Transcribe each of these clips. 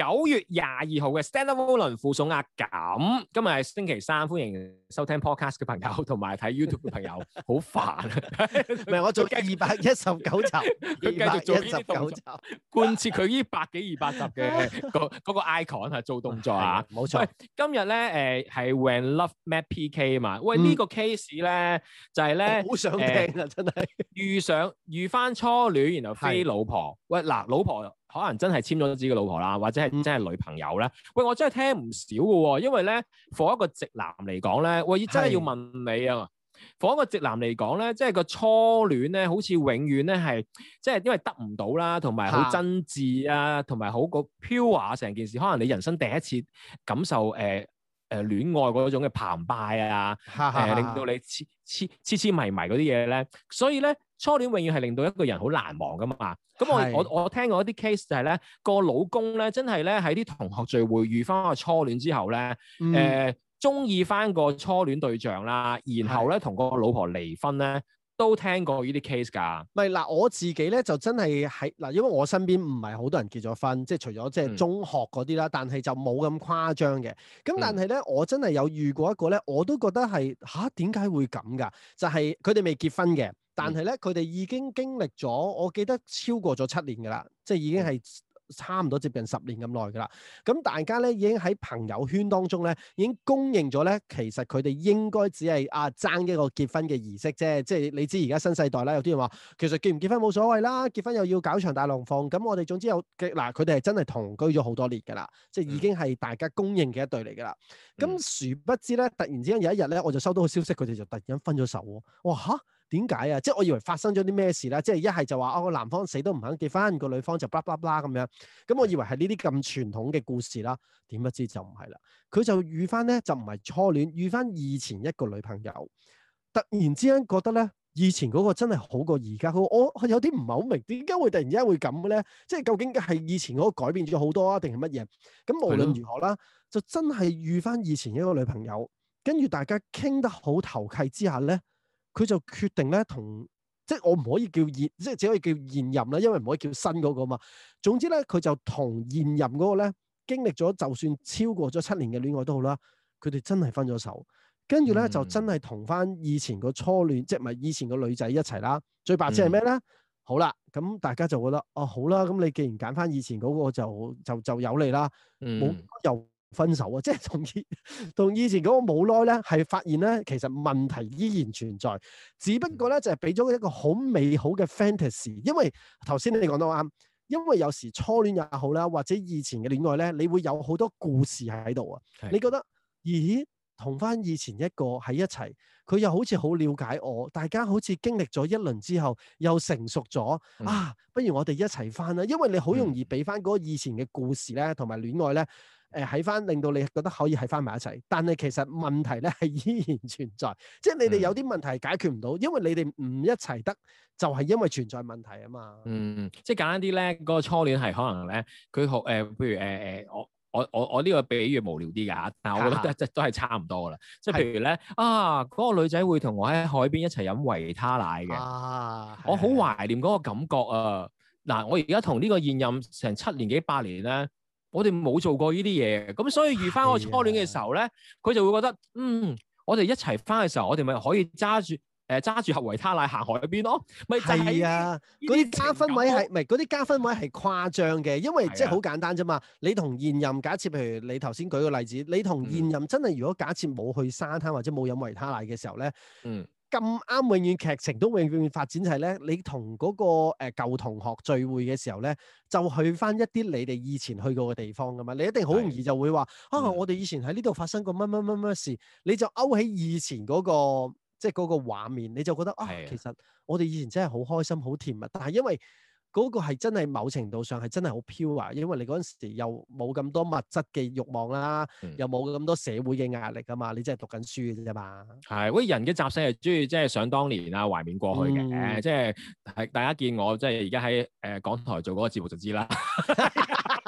九月廿二號嘅 standalone 附送總壓咁，今日係星期三，歡迎收聽 podcast 嘅朋友同埋睇 YouTube 嘅朋友，好煩啊！唔係我做緊二百一十九集，佢繼續做呢十九集，貫徹佢呢百幾二百集嘅嗰個 icon 係做動作啊！冇錯，今日咧誒係 When love met PK 啊嘛，喂呢個 case 咧就係咧，好想聽啊！真係遇上遇返初戀，然後飛老婆，喂嗱老婆。可能真係飛咗自己嘅老婆啦，或者係真係女朋友咧。嗯、喂，我真係聽唔少嘅喎，因為咧，放一個直男嚟講咧，喂，真係要問你啊。放是一個直男嚟講咧，即係個初戀咧，好似永遠咧係即係因為得唔到啦，同埋好真摯啊，同埋好個 pure 啊，成件事。可能你人生第一次感受誒誒、呃呃、戀愛嗰種嘅澎湃啊，誒是、呃、令到你痴痴痴痴迷迷嗰啲嘢咧。所以咧。初戀永遠係令到一個人好難忘㗎嘛，咁我是我我聽過一啲 case 就係咧，個老公咧真係咧喺啲同學聚會遇返個初戀之後咧，誒中意翻個初戀對象啦，然後咧同是個老婆離婚咧。都聽過呢啲 case 㗎，唔係嗱我自己咧就真係喺嗱，因為我身邊唔係好多人結咗婚，即係除咗即係中學嗰啲啦，嗯、但係就冇咁誇張嘅。咁但係咧，嗯、我真係有遇過一個咧，我都覺得係吓，啊、點解會咁㗎？就係佢哋未結婚嘅，但係咧佢哋已經經歷咗，我記得超過咗七年㗎喇，即係已經係、嗯。差唔多接近十年咁耐噶啦，咁大家咧已經喺朋友圈當中咧已經公認咗咧，其實佢哋應該只係啊爭一個結婚嘅儀式啫，即係你知而家新世代啦，有啲人話其實結唔結婚冇所謂啦，結婚又要搞場大龍鳳，咁我哋總之有嗱，佢哋係真係同居咗好多年噶啦，即係已經係大家公認嘅一對嚟噶啦，咁、嗯、殊不知咧突然之間有一日咧，我就收到個消息，佢哋就突然間分咗手喎，哇！吓？點解啊？即係我以為發生咗啲咩事咧？即係一係就話啊，個、哦、男方死都唔肯結婚，個女方就啦啦啦咁樣。咁我以為係呢啲咁傳統嘅故事啦。點不知就唔係啦。佢就遇返咧，就唔係初戀，遇返以前一個女朋友。突然之間覺得咧，以前嗰個真係好過而家。我、那個、我有啲唔係好明，點解會突然之間會咁嘅咧？即係究竟係以前嗰個改變咗好多啊，定係乜嘢？咁無論如何啦，係嘅。就真係遇返以前一個女朋友，跟住大家傾得好投契之下咧。佢就決定咧，同即係我唔可以叫現，即係只可以叫現任啦，因為唔可以叫新嗰個嘛。總之咧，佢就同現任嗰個咧，經歷咗，就算超過咗七年嘅戀愛都好啦，佢哋真係分咗手，跟住咧就真係同翻以前個初戀，即係唔係以前個女仔一齊啦。最白痴係咩咧？嗯、好啦，咁大家就覺得哦、啊，好啦，咁你既然揀翻以前嗰個就就就有你啦，冇、嗯、有。分手啊！即係同以同以前嗰個冇耐咧，係發現咧，其實問題依然存在，只不過咧就係俾咗一個好美好嘅 fantasy。因為頭先你講得啱，因為有時初戀也好啦，或者以前嘅戀愛咧，你會有好多故事喺度啊。的你覺得咦，同翻以前一個喺一齊，佢又好似好了解我，大家好似經歷咗一輪之後又成熟咗，嗯、啊！不如我哋一齊翻啦，因為你好容易俾翻嗰個以前嘅故事咧，同埋戀愛咧。誒喺翻，令到你覺得可以喺翻埋一齊，但係其實問題咧係依然存在，即係你哋有啲問題解決唔到，嗯，因為你哋唔一齊得，就係因為存在問題啊嘛。嗯，即係簡單啲咧，嗰個初戀係可能咧，佢誒，譬如誒誒，我我我我呢個比喻無聊啲㗎，但係我覺得都係差唔多啦。係嘅，即係譬如咧，係嘅。啊，嗰個女仔會同我喺海邊一齊飲維他奶嘅。啊，我好懷念嗰個感覺啊！嗱，我而家同呢個現任成七年幾八年咧。我哋冇做過呢啲嘢，咁所以遇翻我初戀嘅時候咧，佢、啊、就會覺得，嗯，我哋一齊翻嘅時候，我哋咪可以揸住，誒揸住盒維他奶行海邊咯。咪係啊，嗰啲加分位係，唔係嗰啲加分位係誇張嘅，因為即係好簡單啫嘛。啊、你同現任假設，譬如你頭先舉個例子，你同現任真係如果假設冇去沙灘或者冇飲維他奶嘅時候咧，嗯。咁啱，永遠劇情都永遠發展就係咧，你同嗰、那個誒、呃、舊同學聚會嘅時候咧，就去翻一啲你哋以前去過嘅地方㗎嘛，你一定好容易就會話的啊，我哋以前喺呢度發生過乜乜乜乜事，你就勾起以前嗰、那個即係嗰個畫面，你就覺得啊，的其實我哋以前真係好開心、好甜蜜，但係因為。嗰個係真係某程度上係真係好 p u 因為你嗰陣時又冇咁多物質嘅慾望啦，嗯、又冇咁多社會嘅壓力啊嘛，你即係讀緊書啫嘛。係，喂，人嘅習性係中意即係想當年啊，懷緬過去嘅，即係係大家見我即係而家喺誒港台做嗰個節目就知啦。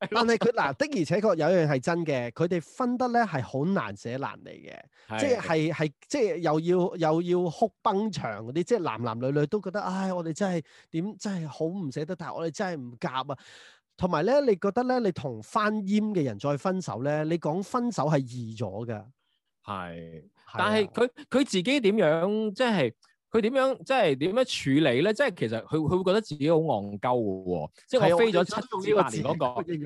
但係佢嗱，的而且確有一樣係真嘅，佢哋分得咧係好難捨難離嘅， 即係係即係又要又要哭崩場嗰啲，即係男男女女都覺得唉、哎，我哋真係點真係好唔捨得，但係我哋真係唔夾啊！同埋咧，你覺得咧，你同翻煙嘅人再分手咧，你講分手係易咗噶，係是，的但係佢佢自己點樣即係？佢點樣即係點樣處理咧？即係其實佢佢會覺得自己好戇鳩喎，即係我飛咗七到八年嗰、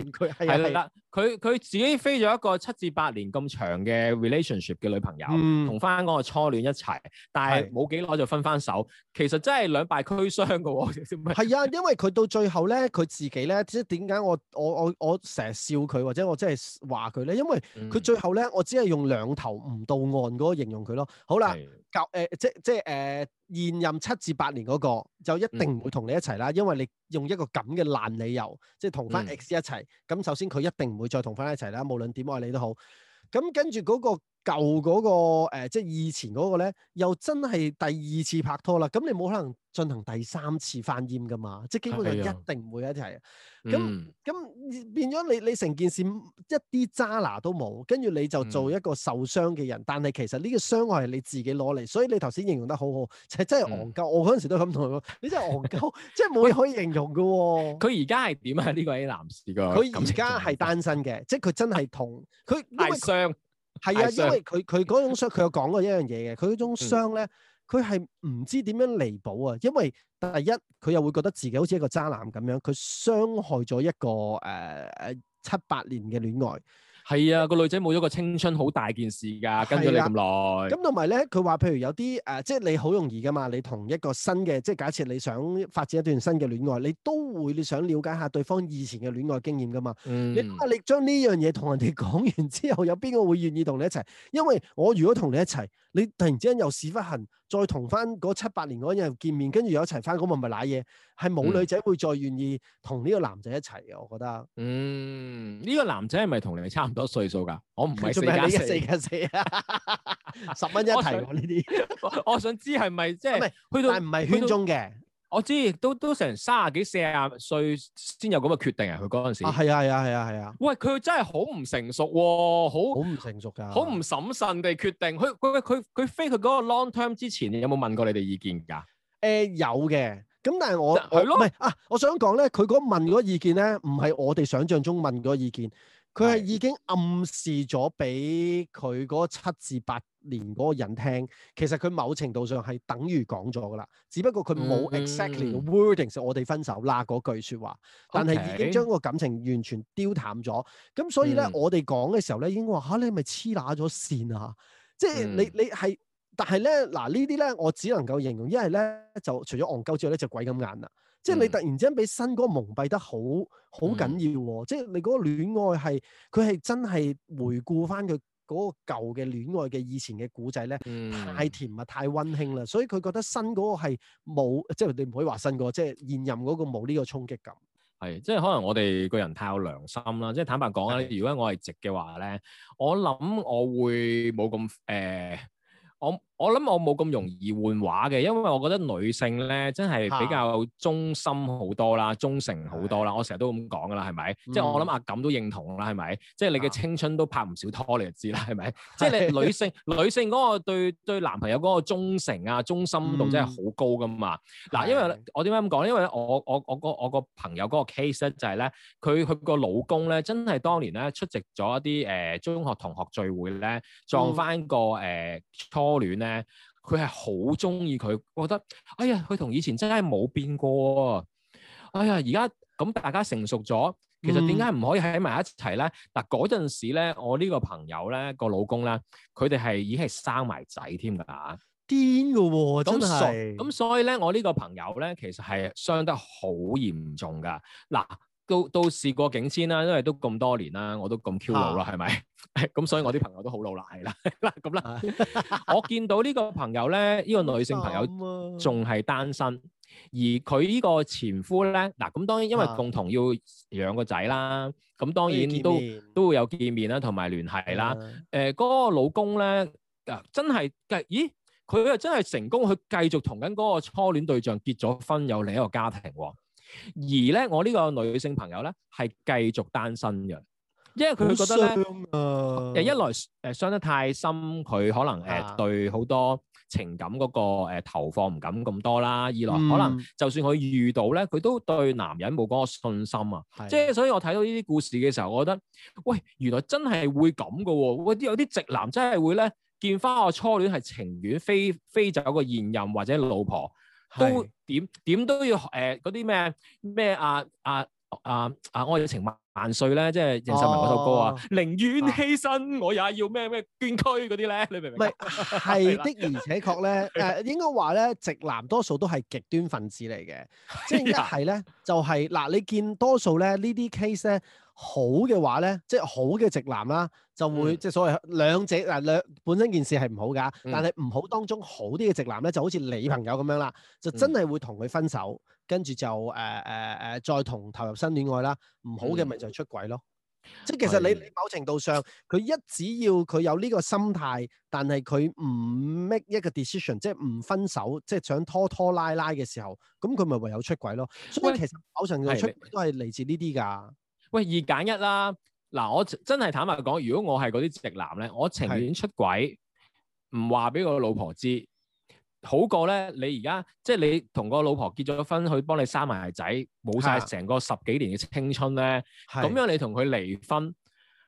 嗰個，係啦，佢佢自己飛咗一個七至八年咁長嘅 relationship 嘅女朋友，同翻嗰個初戀一齊，但係冇幾耐就分翻手，是其實真係兩敗俱傷嘅喎、哦。係 啊，因為佢到最後咧，佢自己咧，即係點解我我我我成日笑佢或者我真係話佢咧？因為佢最後咧，我只係用兩頭唔到岸嗰個形容佢咯。好啦。的的 教誒、呃、即即誒、呃、現任七至八年嗰、嗰個就一定唔會同你一齊啦，嗯、因為你用一個咁嘅爛理由，即係同返 X 一齊。咁、嗯、首先佢一定唔會再同返一齊啦，無論點愛你都好。咁跟住嗰、嗰個。舊嗰個誒，即係以前嗰個咧，又真係第二次拍拖啦。咁你冇可能進行第三次犯艷噶嘛？即係基本上一定唔會一齊。咁咁變咗你，你成件事一啲渣拿都冇，跟住你就做一個受傷嘅人。但係其實呢個傷害係你自己攞嚟，所以你頭先形容得好好，就係真係戇鳩。我嗰陣時都咁同佢講：你真係戇鳩，即係冇嘢可以形容嘅。佢而家係點啊？呢個位男士㗎？佢而家係單身嘅，即係佢真係同。佢因係啊，因為佢，佢嗰種傷，佢有講過一 樣嘢嘅，佢嗰種傷咧，佢係唔知點樣彌補啊。因為第一，佢又會覺得自己好似一個渣男咁樣，佢傷害咗一個誒誒、呃、七八年嘅戀愛。係啊，那個女仔冇咗個青春，好大件事噶，跟住你咁耐。咁同埋咧，佢話，譬如有啲誒、呃，即係你好容易噶嘛，你同一個新嘅，即係假設你想發展一段新嘅戀愛，你都會想了解下對方以前嘅戀愛經驗噶嘛。嗯。你啊，你將呢樣嘢同人哋講完之後，有邊個會願意同你一齊？因為我如果同你一齊。你突然之間又屎忽痕，再同翻嗰七八年嗰日人見面，跟住又一齊翻，咁我咪賴嘢，係冇女仔會再願意同呢個男仔一齊嘅，我覺得。嗯，呢、這個男仔係咪同你差唔多歲數㗎？我唔係四加四 一四加四啊？十蚊一題喎呢啲。 我想知係咪即係？唔去到唔係圈中嘅。我知，都都成三十幾四十歲先有咁嘅決定啊！佢嗰陣時啊，係啊係啊係啊係啊！啊啊喂，佢真係好唔成熟喎、啊，好好唔成熟㗎，好唔審慎地決定。佢佢佢佢飛佢嗰個 long term 之前有冇問過你哋意見㗎、啊？誒、呃、有嘅，咁但係我係咯，唔係啊！我想講咧，佢嗰問嗰意見咧，唔係我哋想像中問嗰意見。佢係已經暗示咗俾佢嗰七至八年嗰個人聽，其實佢某程度上係等於講咗噶啦，只不過佢冇 exactly 嘅 wordings 我哋分手啦嗰句説話，Okay. 但係已經將個感情完全丟淡咗。咁所以咧，嗯、我哋講嘅時候咧，已該話嚇、啊、你係咪黐乸咗線啊！即係你你係，但係咧嗱呢啲咧，我只能夠形容，因為咧就除咗戇鳩之外咧，就鬼咁硬啦。即係你突然之間俾新嗰個蒙蔽得好好緊要喎！嗯、即係你嗰個戀愛係佢係真係回顧翻佢嗰個舊嘅戀愛嘅以前嘅古仔咧，嗯、太甜蜜太溫馨啦，所以佢覺得新嗰個係冇，即係你唔可以話新嗰個，即係現任嗰個冇呢個衝擊感。係，即係可能我哋個人太有良心啦。即係坦白講啦，如果我係直嘅話咧，我諗我會冇咁誒我。我諗我冇咁容易換畫嘅，因為我覺得女性咧真係比較忠心好多啦，啊、忠誠好多啦。的我成日都咁講㗎啦，係咪？嗯、即係我諗阿錦都認同啦，係咪？即係你嘅青春都拍唔少拖，你就知啦，係咪？的即係你女性的女性嗰個對、對男朋友嗰個忠誠啊忠心度真係好高㗎嘛。嗱、嗯啊，因為我點解咁講咧？因為我我我個我個朋友嗰個 case 咧就係、是、咧，佢佢個老公咧真係當年咧出席咗一啲誒、呃、中學同學聚會咧，撞返個誒、嗯、初戀咧。佢係好中意佢，我覺得哎呀，佢同以前真係冇變過。哎呀，而家咁大家成熟咗，其實點解唔可以喺埋一齊咧？嗱、嗯，嗰陣時咧，我呢個朋友咧個老公咧，佢哋係已經係生埋仔添噶，癲、啊、噶、啊，真係。咁所以咧，我呢個朋友咧，其實係傷得好嚴重噶。嗱。都都事過境遷啦，因為都咁多年啦，我都咁 Q 老啦，係咪哈？咁是吧 所以我啲朋友都好老啦，係啦，咁 啦吧。 我見到呢個朋友咧，呢、這個女性朋友仲係單身，而佢呢個前夫咧，嗱、啊、咁當然因為共同要養個仔啦，咁哈當然都都會有見面啦，同埋聯繫啦。誒，嗰、嗯呃那個老公咧，啊真係繼咦，佢又真係成功去繼續同緊嗰個初戀對象結咗婚，有另一個家庭喎。而咧，我呢個女性朋友咧，係繼續單身嘅，因為佢覺得咧，誒、啊、一來誒傷、呃、得太深，佢可能誒、呃啊、對好多情感嗰、那個誒、呃、投放唔敢咁多啦；二來、嗯、可能就算佢遇到咧，佢都對男人冇嗰個信心啊。係即係所以我睇到呢啲故事嘅時候，我覺得喂，原來真係會咁㗎？喂，有啲直男真係會咧，見翻我初戀係情願飛飛走個現任或者老婆。都點點都要誒嗰啲咩咩啊啊啊啊愛情萬萬歲咧，即係鄭秀文嗰首歌啊，哦、寧願犧牲、啊、我也要咩咩捐軀嗰啲咧，你明唔明？唔係，係的而且確咧誒，應該話咧，直男多數都係極端分子嚟嘅，即係的一係咧就係、係、嗱、就係，你見多數咧呢啲 case 咧。好嘅話咧，即係好嘅直男啦，就會、嗯、即係所謂兩者嗱兩者本身件事係唔好噶，嗯、但係唔好當中好啲嘅直男咧，就好似你朋友咁樣啦，嗯、就真係會同佢分手，跟住就誒誒誒再同投入新戀愛啦。唔好嘅咪就出軌咯。嗯、即係其實你，係嘅、你某程度上佢一只要佢有呢個心態，但係佢唔 make 一個 decision，即係唔分手，即係想拖拖拉拉嘅時候，咁佢咪唯有出軌咯。所以其實某程度出軌都係嚟自呢啲噶。喂，二揀一啦。嗱，我真係坦白講，如果我係嗰啲直男咧，我情願出軌，唔話俾我老婆知，好過咧你而家即係你同個老婆結咗婚，去幫你生埋仔，冇晒成個十幾年嘅青春咧。咁樣你同佢離婚，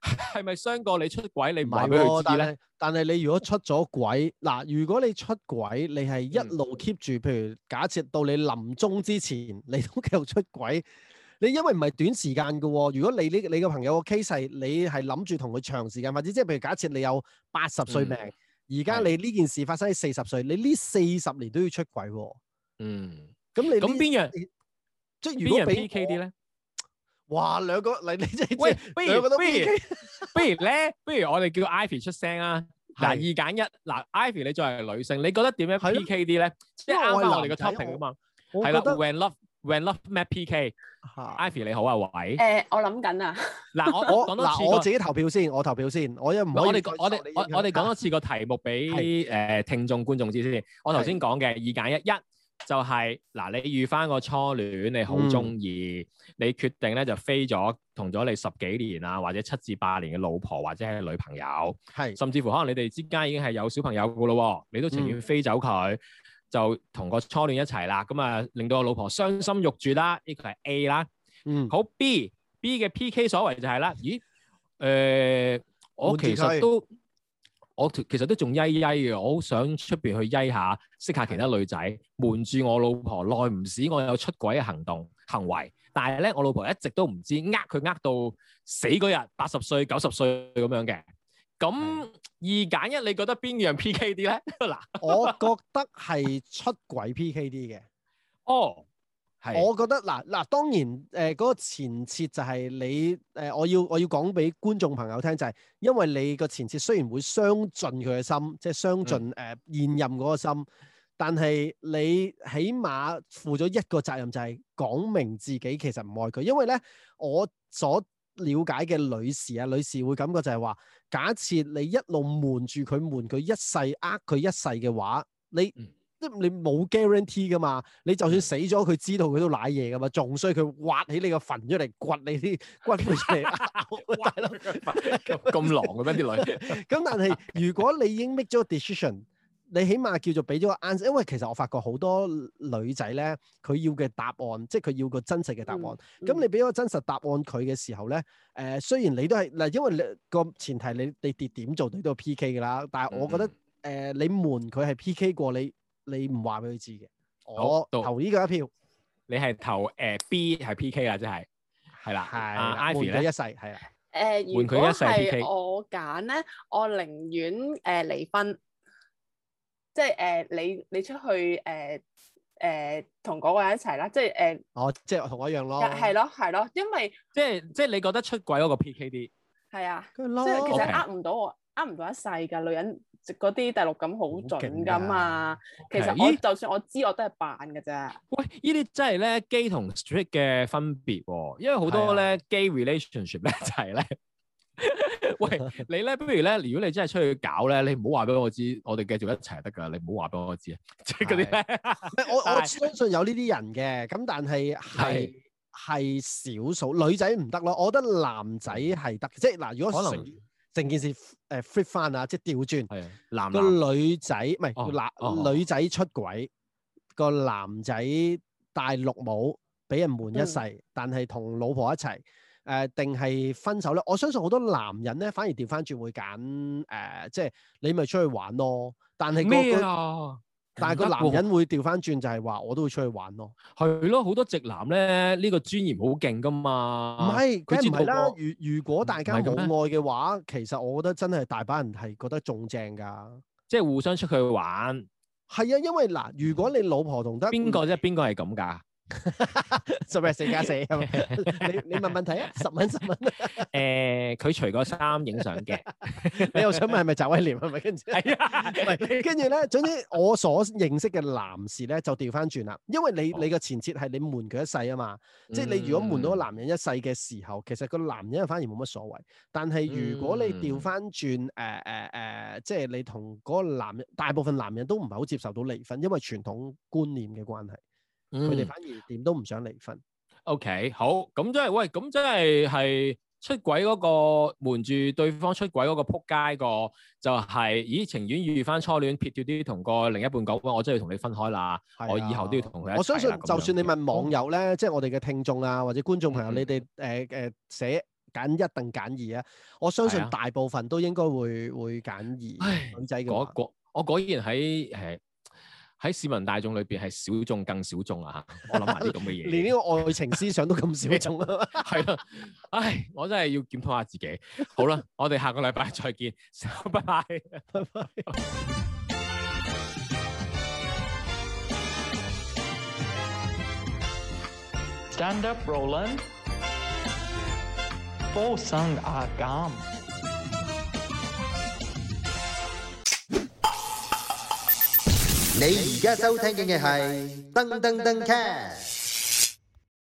係咪傷過你出軌？你唔話俾佢知咧？但係你如果出咗軌，嗱，如果你出軌，你係一路 keep 住，譬如假設到你臨終之前，你都繼續出軌。你因為唔係短時間嘅喎、哦，如果你呢你個朋友個 case，你係諗住同佢長時間，或者即係譬如假設你有八十歲命，而家、嗯、你呢件事發生喺四十歲，你呢四十年都要出軌喎、哦。嗯，咁你咁邊樣即係如果俾 P K 啲咧？哇，兩個你你即係喂，兩個都 P K 喂 不，不如咧，不如我哋叫 Ivy 出聲啦、啊。嗱是，二揀一。嗱，Ivy 你作為女性，你覺得點樣 P K 啲咧？即係啱翻我哋嘅 topic 啊嘛。係啦，When Love。When love met PK，Ivy 你好啊，喂。誒，我諗緊啊。嗱，我我嗱，我自己投票先，我投票先。我一唔可以，我哋我哋我哋講多次個題目俾誒聽眾觀眾知先。我頭先講嘅二揀一一就係嗱，你遇返個初戀，你好中意，你決定咧就飛咗同咗你十幾年啊，或者七至八年嘅老婆或者係女朋友，係，甚至乎可能你哋之間已經係有小朋友㗎咯，你都情願飛走佢。就同個初戀一齊啦，咁啊令到我老婆傷心欲絕啦，呢個係 A 啦。嗯，好 B，B 嘅 PK 所謂就係、是、啦，咦？誒、呃，我其實都、嗯、我其實都仲曳曳嘅，我好想出面去曳下，識下其他女仔，瞞住我老婆，耐唔耐我有出軌嘅行動行為，但係咧我老婆一直都唔知，呃佢呃到死嗰日八十歲九十歲咁樣嘅，咁。二揀一你覺得邊樣 P K 啲咧？嗱、 啊，我覺得係出軌 P K 啲嘅。哦，係，我覺得嗱嗱、啊啊，當然誒，嗰、呃那個前設就係你誒、呃，我要我要講俾觀眾朋友聽就係、是，因為你個前設雖然會傷盡佢嘅心，即係傷盡誒現任嗰個心，但係你起碼負咗一個責任就係、是、講明自己其實唔愛佢，因為咧我所。了解嘅女士啊，女士會感覺就係話，假設你一路瞞住佢，瞞佢一世，呃佢一世嘅話，你即你冇 guarantee 噶嘛，你就算死咗，佢知道佢都舐嘢噶嘛，仲衰佢挖起你個墳出嚟，掘你啲骨出嚟，咁 到 狼嘅咩啲女？咁 但係如果你已經 make 咗個 decision。你起碼叫做俾咗個 answer，因為其實我發覺好多女仔咧，佢要嘅答案，即係佢要個真實嘅答案。咁、嗯嗯、你俾咗真實答案佢嘅時候咧，誒、呃、雖然你都係嗱，因為個前提你你哋點做你都 P K 㗎啦，但係我覺得誒、嗯呃、你瞞佢係 P K 過你，你唔話俾佢知嘅。我投呢個一票。你係投誒、呃、B 係 P K 啦，即係係啦，阿 i 一世係啊。誒，如果係我揀咧，我寧願誒離婚。呃呃呃即係誒、呃，你你出去誒誒同嗰個人一齊啦，即係誒。呃、哦，即係同我一樣咯。係咯，係咯，因為即係即係你覺得出軌嗰個 PK 啲。係啊，即係其實呃唔到我，呃唔到一世㗎。女人嗰啲第六感好準㗎嘛。啊、其實我就算我知、欸、我都係扮㗎啫。喂，呢啲真係咧 gay 同 straight 嘅分別喎、啊，因為好多咧 gay relationship 咧就係、是、咧。 喂，你咧，不如咧，如果你真係出去搞咧，你唔好話俾我知，我哋繼續一齊得㗎，你唔好話俾我知啊！即係嗰啲咧，我我相信有呢啲人嘅，咁但係係係少數，女仔唔得咯，我覺得男仔係得，即係嗱、呃，如果可能，成件事誒 flip 翻啊，uh, fun, 即係調轉，男個女仔唔係男女仔出軌，個男仔戴綠帽，俾人瞞一世，嗯、但係同老婆一齊。誒、呃，定係分手咧？我相信好多男人咧，反而調翻轉會揀誒、呃，即係你咪出去玩咯。但係咩、那個啊、但係個男人會調翻轉就係話，我都會出去玩咯。係咯，好多直男咧，呢、這個尊嚴好勁噶嘛。唔係，佢唔係啦。啊、如果如果大家冇愛嘅話，其實我覺得真係大把人係覺得仲正噶，即係互相出去玩。係啊，因為嗱，如果你老婆同得邊個啫？邊個係咁噶？十蚊四加四，你你問問題啊？十蚊十蚊。誒，佢、 呃、除個衫，影相嘅。 你又想問係咪就威廉？係咪跟住？係啊，跟住咧，總之我所認識嘅男士咧，就調翻轉啦。因為你你個前設係你瞞佢一世啊嘛，嗯、即係你如果瞞到個男人一世嘅時候，嗯、其實個男人反而冇乜所謂。但係如果你調翻轉，誒誒誒，即係你同嗰個男人，大部分男人都唔係好接受到離婚，因為傳統觀念嘅關係。佢哋、嗯、反而點都唔想離婚。OK，好，咁即係，喂，咁即係係出軌嗰、那個，瞞住對方出軌嗰個撲街個，就係、是，咦，情願遇返初戀，撇脱啲同個另一半講，我真係要同你分開啦，啊、我以後都要同佢。我相信，就算你問網友咧，嗯、即係我哋嘅聽眾啊，或者觀眾朋友，嗯、你哋誒誒寫揀一定揀二啊，我相信大部分都應該會會揀二，女仔嘅我果然喺誒，喺市民大眾裏邊係小眾更小眾啦嚇，我諗埋啲咁嘅嘢， 連呢個愛情思想都咁小眾，係 啦 唉，我真係要檢討下自己。好啦，我哋下個禮拜再見，拜拜、 so,。Bye bye Stand up, Roland. For sung a gum. 你而家收聽嘅係噔噔噔 cast。